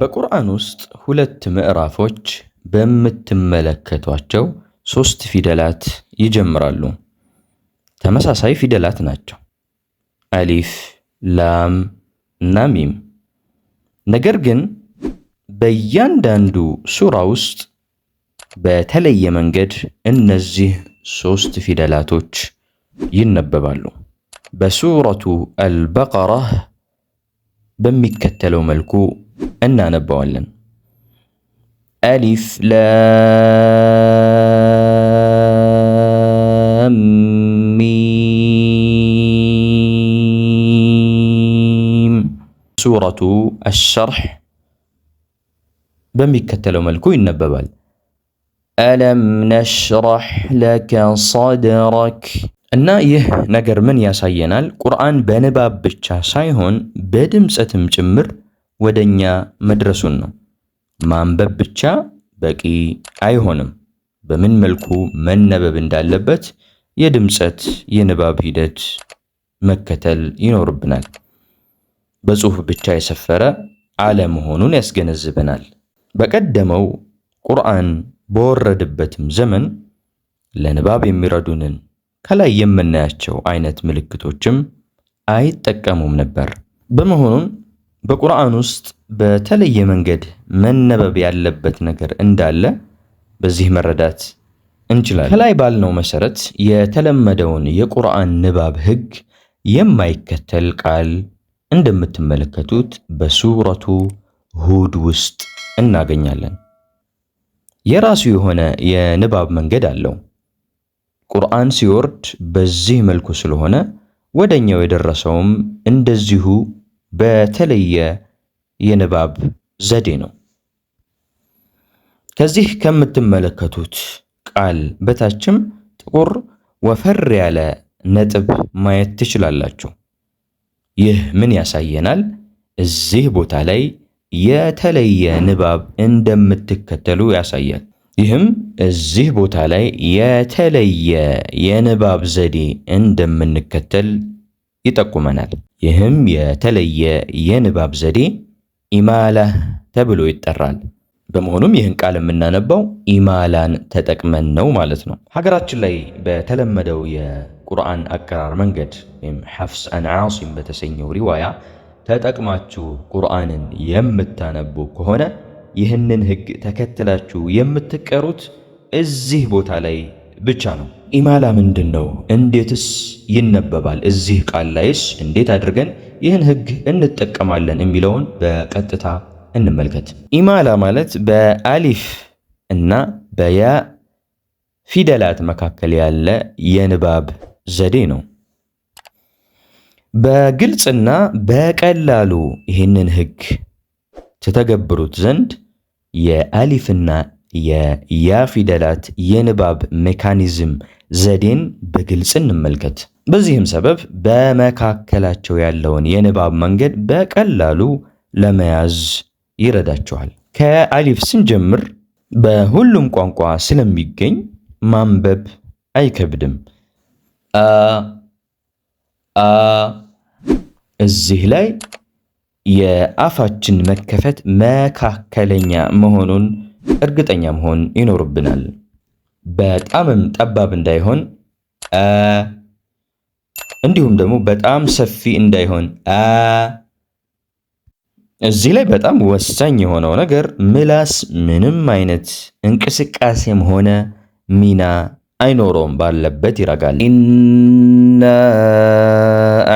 በቁርአን ውስጥ ሁለት ምዕራፎች በምትመለከቷቸው ሶስት ፊደላት ይጀምራሉ። ተመሳሳይ ፊደላት ናቸው፣ አሊፍ፣ ላም እና ሚም። ነገር ግን በእያንዳንዱ ሱራ ውስጥ በተለየ መንገድ እነዚህ ሶስት ፊደላቶች ይነበባሉ። በሱረቱ አልበቀራህ በሚከተለው መልኩ እናነባዋለን። አሊፍ ላም ሚም ሱረቱ አሸርሕ በሚከተለው መልኩ ይነበባል። አለም ነሽረሕ ለከ ሰድረክ እና ይህ ነገር ምን ያሳየናል? ቁርአን በንባብ ብቻ ሳይሆን በድምፀትም ጭምር ወደ እኛ መድረሱን ነው። ማንበብ ብቻ በቂ አይሆንም። በምን መልኩ መነበብ እንዳለበት የድምፀት የንባብ ሂደት መከተል ይኖርብናል። በጽሑፍ ብቻ የሰፈረ አለመሆኑን ያስገነዝበናል። በቀደመው ቁርአን በወረደበትም ዘመን ለንባብ የሚረዱንን ከላይ የምናያቸው አይነት ምልክቶችም አይጠቀሙም ነበር። በመሆኑም በቁርአን ውስጥ በተለየ መንገድ መነበብ ያለበት ነገር እንዳለ በዚህ መረዳት እንችላለን። ከላይ ባልነው መሰረት የተለመደውን የቁርአን ንባብ ህግ የማይከተል ቃል እንደምትመለከቱት በሱረቱ ሁድ ውስጥ እናገኛለን። የራሱ የሆነ የንባብ መንገድ አለው። ቁርአን ሲወርድ በዚህ መልኩ ስለሆነ ወደኛው የደረሰውም እንደዚሁ በተለየ የንባብ ዘዴ ነው። ከዚህ ከምትመለከቱት ቃል በታችም ጥቁር ወፈር ያለ ነጥብ ማየት ትችላላችሁ። ይህ ምን ያሳየናል? እዚህ ቦታ ላይ የተለየ ንባብ እንደምትከተሉ ያሳያል። ይህም እዚህ ቦታ ላይ የተለየ የንባብ ዘዴ እንደምንከተል ይጠቁመናል። ይህም የተለየ የንባብ ዘዴ ኢማላህ ተብሎ ይጠራል። በመሆኑም ይህን ቃል የምናነባው ኢማላን ተጠቅመን ነው ማለት ነው። ሀገራችን ላይ በተለመደው የቁርአን አቀራር መንገድ ወይም ሐፍስ አን ዓሲም በተሰኘው ሪዋያ ተጠቅማችሁ ቁርአንን የምታነቡ ከሆነ ይህንን ሕግ ተከትላችሁ የምትቀሩት እዚህ ቦታ ላይ ብቻ ነው። ኢማላ ምንድን ነው? እንዴትስ ይነበባል? እዚህ ቃል ላይስ እንዴት አድርገን ይህን ህግ እንጠቀማለን የሚለውን በቀጥታ እንመልከት። ኢማላ ማለት በአሊፍ እና በያ ፊደላት መካከል ያለ የንባብ ዘዴ ነው። በግልጽና በቀላሉ ይህንን ህግ ትተገብሩት ዘንድ የአሊፍና የያ ፊደላት የንባብ ሜካኒዝም ዘዴን በግልጽ እንመልከት። በዚህም ሰበብ በመካከላቸው ያለውን የንባብ መንገድ በቀላሉ ለመያዝ ይረዳቸዋል። ከአሊፍ ስንጀምር በሁሉም ቋንቋ ስለሚገኝ ማንበብ አይከብድም። አ አ እዚህ ላይ የአፋችን መከፈት መካከለኛ መሆኑን እርግጠኛ መሆን ይኖርብናል። በጣምም ጠባብ እንዳይሆን አ፣ እንዲሁም ደግሞ በጣም ሰፊ እንዳይሆን አ። እዚህ ላይ በጣም ወሳኝ የሆነው ነገር ምላስ ምንም አይነት እንቅስቃሴም ሆነ ሚና አይኖረውም፣ ባለበት ይረጋል። ኢና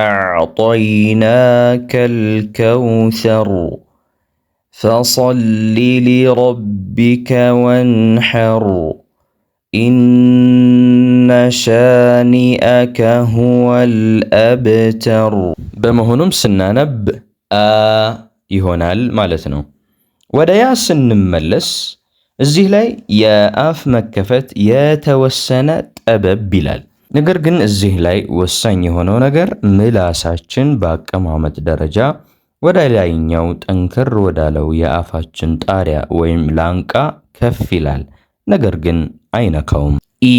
አዕጠይናከል ከውሰር فصل لربك وانحر إن شانئك هو الأبتر በመሆኑም ስናነብ አ ይሆናል ማለት ነው። ወደ ያ ስንመለስ እዚህ ላይ የአፍ መከፈት የተወሰነ ጠበብ ይላል። ነገር ግን እዚህ ላይ ወሳኝ የሆነው ነገር ምላሳችን በአቀማመጥ ደረጃ ወደ ላይኛው ጠንከር ወዳለው የአፋችን ጣሪያ ወይም ላንቃ ከፍ ይላል፣ ነገር ግን አይነካውም። ኢ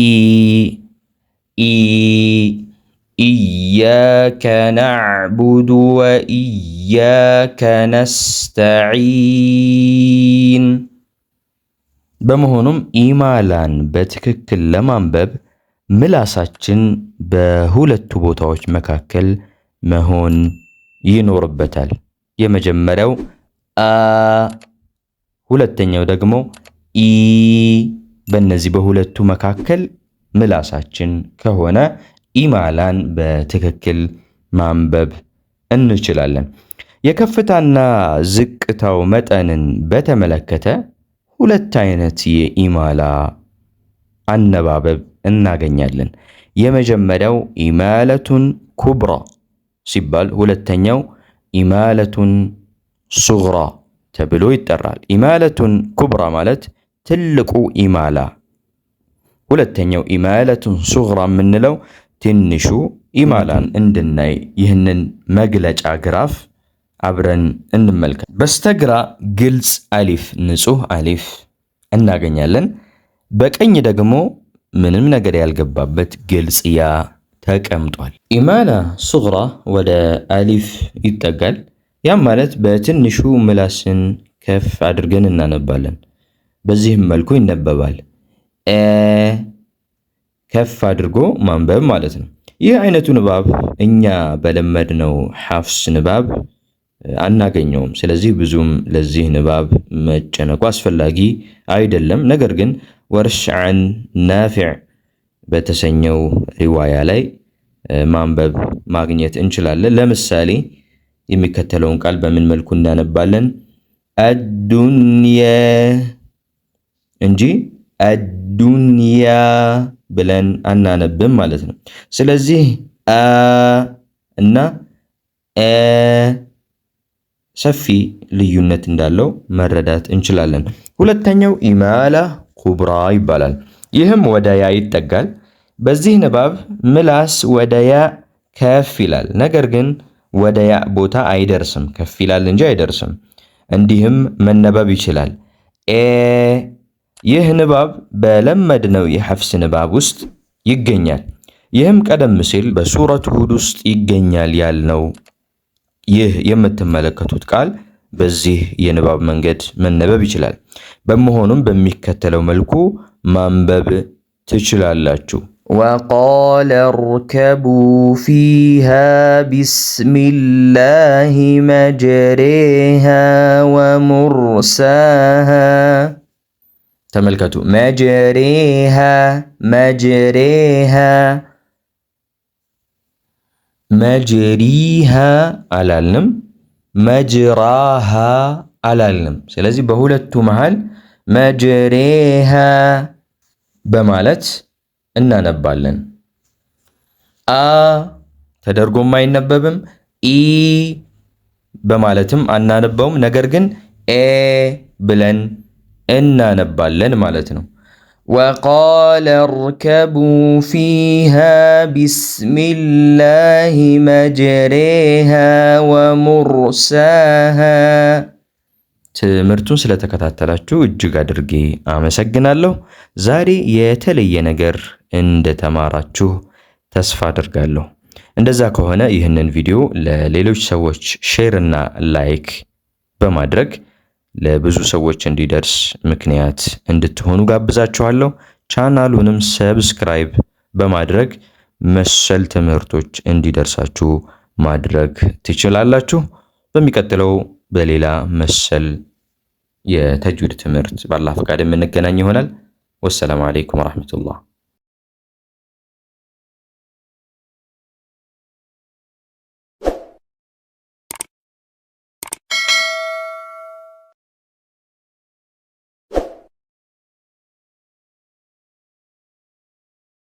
ኢያከ ነዕቡዱ ወኢያከ ነስተዒን። በመሆኑም ኢማላን በትክክል ለማንበብ ምላሳችን በሁለቱ ቦታዎች መካከል መሆን ይኖርበታል። የመጀመሪያው አ፣ ሁለተኛው ደግሞ ኢ። በእነዚህ በሁለቱ መካከል ምላሳችን ከሆነ ኢማላን በትክክል ማንበብ እንችላለን። የከፍታና ዝቅታው መጠንን በተመለከተ ሁለት አይነት የኢማላ አነባበብ እናገኛለን። የመጀመሪያው ኢማለቱን ኩብራ ሲባል ሁለተኛው ኢማለቱን ሱግራ ተብሎ ይጠራል። ኢማለቱን ኩብራ ማለት ትልቁ ኢማላ፣ ሁለተኛው ኢማለቱን ሱግራ የምንለው ትንሹ ኢማላን እንድናይ ይህንን መግለጫ ግራፍ አብረን እንመልከት። በስተግራ ግልጽ አሊፍ ንጹህ አሊፍ እናገኛለን። በቀኝ ደግሞ ምንም ነገር ያልገባበት ግልጽ ያ ተቀምጧል። ኢማላ ሱግራ ወደ አሊፍ ይጠጋል። ያም ማለት በትንሹ ምላስን ከፍ አድርገን እናነባለን። በዚህም መልኩ ይነበባል። ከፍ አድርጎ ማንበብ ማለት ነው። ይህ አይነቱ ንባብ እኛ በለመድነው ሐፍስ ንባብ አናገኘውም። ስለዚህ ብዙም ለዚህ ንባብ መጨነቁ አስፈላጊ አይደለም። ነገር ግን ወርሽዐን ናፊዕ በተሰኘው ሪዋያ ላይ ማንበብ ማግኘት እንችላለን። ለምሳሌ የሚከተለውን ቃል በምን መልኩ እናነባለን? አዱንያ እንጂ አዱንያ ብለን አናነብም ማለት ነው። ስለዚህ አ እና አ ሰፊ ልዩነት እንዳለው መረዳት እንችላለን። ሁለተኛው ኢማላ ኩብራ ይባላል። ይህም ወደ ያ ይጠጋል። በዚህ ንባብ ምላስ ወደ ያ ከፍ ይላል፣ ነገር ግን ወደ ያ ቦታ አይደርስም። ከፍ ይላል እንጂ አይደርስም። እንዲህም መነበብ ይችላል። ኤ ይህ ንባብ በለመድነው የሐፍስ ንባብ ውስጥ ይገኛል። ይህም ቀደም ሲል በሱረቱ ሁድ ውስጥ ይገኛል ያልነው ይህ የምትመለከቱት ቃል በዚህ የንባብ መንገድ መነበብ ይችላል። በመሆኑም በሚከተለው መልኩ ማንበብ ትችላላችሁ። وقال اركبوا فيها بسم الله مجريها ومرساها ተመልከቱ መጀሬሃ መጀሬሃ መጀሪሃ አላልንም፣ መጅራሃ አላልንም። ስለዚህ በሁለቱ መሃል መጀሬሃ በማለት እናነባለን። አ ተደርጎም አይነበብም። ኢ በማለትም አናነባውም። ነገር ግን ኤ ብለን እናነባለን ማለት ነው። ወቃለ እርከቡ ፊሃ ቢስሚላሂ መጅሬሃ ወሙርሳሃ ትምህርቱን ስለተከታተላችሁ እጅግ አድርጌ አመሰግናለሁ። ዛሬ የተለየ ነገር እንደተማራችሁ ተስፋ አድርጋለሁ። እንደዛ ከሆነ ይህንን ቪዲዮ ለሌሎች ሰዎች ሼር እና ላይክ በማድረግ ለብዙ ሰዎች እንዲደርስ ምክንያት እንድትሆኑ ጋብዛችኋለሁ። ቻናሉንም ሰብስክራይብ በማድረግ መሰል ትምህርቶች እንዲደርሳችሁ ማድረግ ትችላላችሁ። በሚቀጥለው በሌላ መሰል የተጅዊድ ትምህርት ባላ ፈቃድ የምንገናኝ ይሆናል። ወሰላሙ አሌይኩም ወረህመቱላህ።